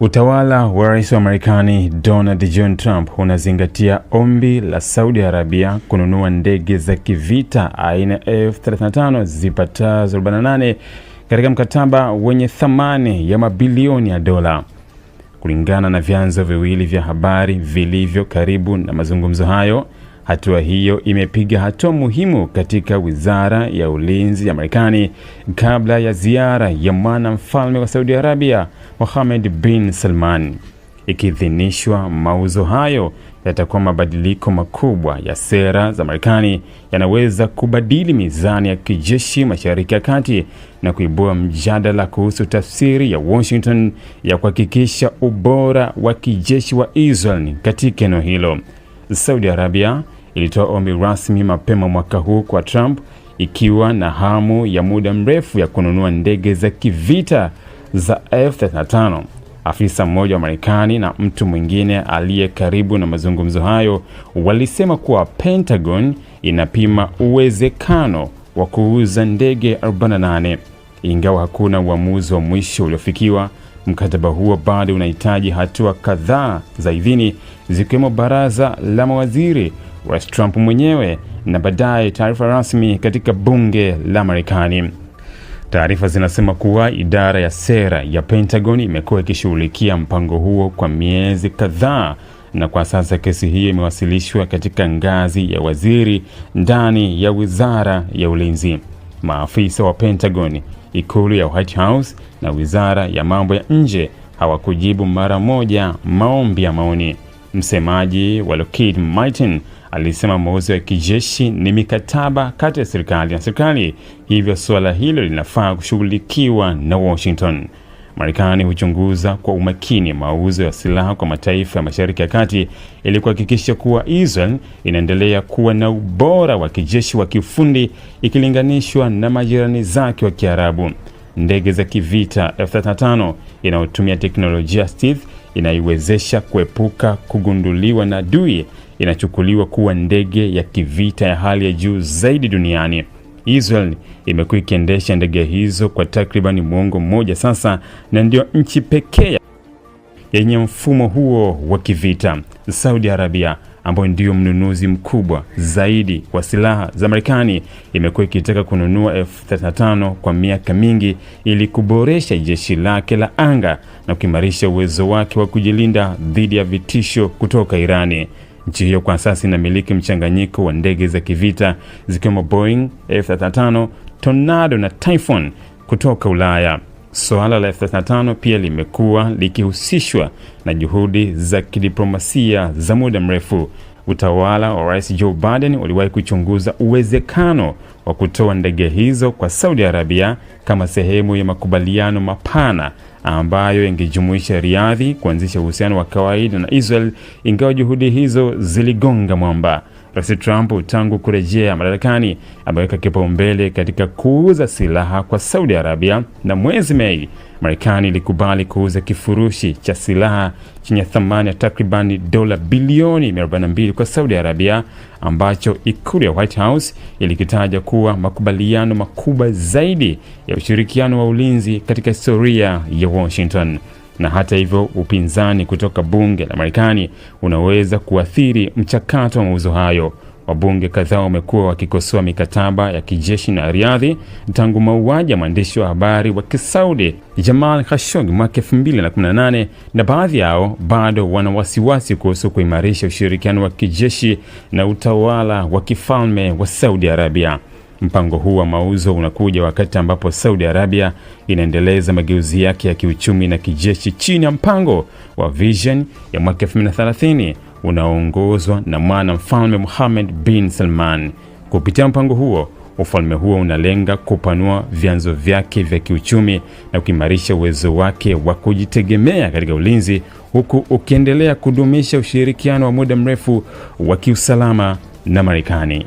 Utawala wa Rais wa Marekani Donald John Trump unazingatia ombi la Saudi Arabia kununua ndege za kivita aina F-35 zipatazo 48 katika mkataba wenye thamani ya mabilioni ya dola. Kulingana na vyanzo viwili vya habari vilivyo karibu na mazungumzo hayo, hatua hiyo imepiga hatua muhimu katika Wizara ya Ulinzi ya Marekani kabla ya ziara ya mwanamfalme wa Saudi Arabia Mohamed bin Salman. Ikiidhinishwa, mauzo hayo yatakuwa mabadiliko makubwa ya sera za Marekani, yanaweza kubadili mizani ya kijeshi Mashariki ya Kati na kuibua mjadala kuhusu tafsiri ya Washington ya kuhakikisha ubora wa kijeshi wa Israel katika eneo hilo. Saudi Arabia ilitoa ombi rasmi mapema mwaka huu kwa Trump ikiwa na hamu ya muda mrefu ya kununua ndege za kivita za F-35. Afisa mmoja wa Marekani na mtu mwingine aliye karibu na mazungumzo hayo walisema kuwa Pentagon inapima uwezekano wa kuuza ndege 48. Ingawa hakuna uamuzi wa mwisho uliofikiwa, mkataba huo bado unahitaji hatua kadhaa za idhini, zikiwemo baraza la mawaziri, Rais Trump mwenyewe na baadaye taarifa rasmi katika bunge la Marekani. Taarifa zinasema kuwa idara ya sera ya Pentagon imekuwa ikishughulikia mpango huo kwa miezi kadhaa na kwa sasa kesi hiyo imewasilishwa katika ngazi ya waziri ndani ya Wizara ya Ulinzi. Maafisa wa Pentagon, ikulu ya White House na Wizara ya Mambo ya Nje hawakujibu mara moja maombi ya maoni. Msemaji wa Lockheed Martin alisema mauzo ya kijeshi ni mikataba kati ya serikali na serikali, hivyo suala hilo linafaa kushughulikiwa na Washington. Marekani huchunguza kwa umakini mauzo ya silaha kwa mataifa ya Mashariki ya Kati ili kuhakikisha kuwa Israel inaendelea kuwa na ubora wa kijeshi wa kiufundi ikilinganishwa na majirani zake wa Kiarabu. Ndege za kivita F-35 inayotumia teknolojia Stealth inaiwezesha kuepuka kugunduliwa na adui inachukuliwa kuwa ndege ya kivita ya hali ya juu zaidi duniani. Israel imekuwa ikiendesha ndege hizo kwa takribani muongo mmoja sasa na ndiyo nchi pekee yenye mfumo huo wa kivita. Saudi Arabia ambayo ndiyo mnunuzi mkubwa zaidi wa silaha za Marekani imekuwa ikitaka kununua F-35 kwa miaka mingi ili kuboresha jeshi lake la anga na kuimarisha uwezo wake wa kujilinda dhidi ya vitisho kutoka Irani. Nchi hiyo kwa sasa inamiliki mchanganyiko wa ndege za kivita zikiwemo Boeing F-35, Tornado na Typhoon kutoka Ulaya. Suala la F-35 pia limekuwa likihusishwa na juhudi za kidiplomasia za muda mrefu utawala wa Rais Joe Biden uliwahi kuchunguza uwezekano wa kutoa ndege hizo kwa Saudi Arabia kama sehemu ya makubaliano mapana ambayo ingejumuisha Riadhi kuanzisha uhusiano wa kawaida na Israel, ingawa juhudi hizo ziligonga mwamba. Rais Trump tangu kurejea madarakani ameweka kipaumbele katika kuuza silaha kwa Saudi Arabia, na mwezi Mei Marekani ilikubali kuuza kifurushi cha silaha chenye thamani ya takribani dola bilioni 42 kwa Saudi Arabia, ambacho ikulu ya White House ilikitaja kuwa makubaliano makubwa zaidi ya ushirikiano wa ulinzi katika historia ya Washington na hata hivyo upinzani kutoka bunge la Marekani unaweza kuathiri mchakato wa mauzo hayo. Wabunge kadhaa wamekuwa wakikosoa mikataba ya kijeshi na Riyadh tangu mauaji ya mwandishi wa habari wa Kisaudi Jamal Khashoggi mwaka 2018 na baadhi yao bado wana wasiwasi kuhusu kuimarisha ushirikiano wa kijeshi na utawala wa kifalme wa Saudi Arabia. Mpango huu wa mauzo unakuja wakati ambapo Saudi Arabia inaendeleza mageuzi yake ya kiuchumi na kijeshi chini ya mpango wa Vision ya mwaka 2030 unaoongozwa na mwana mfalme Mohammed bin Salman. Kupitia mpango huo, ufalme huo unalenga kupanua vyanzo vyake vya kiuchumi na kuimarisha uwezo wake wa kujitegemea katika ulinzi, huku ukiendelea kudumisha ushirikiano wa muda mrefu wa kiusalama na Marekani.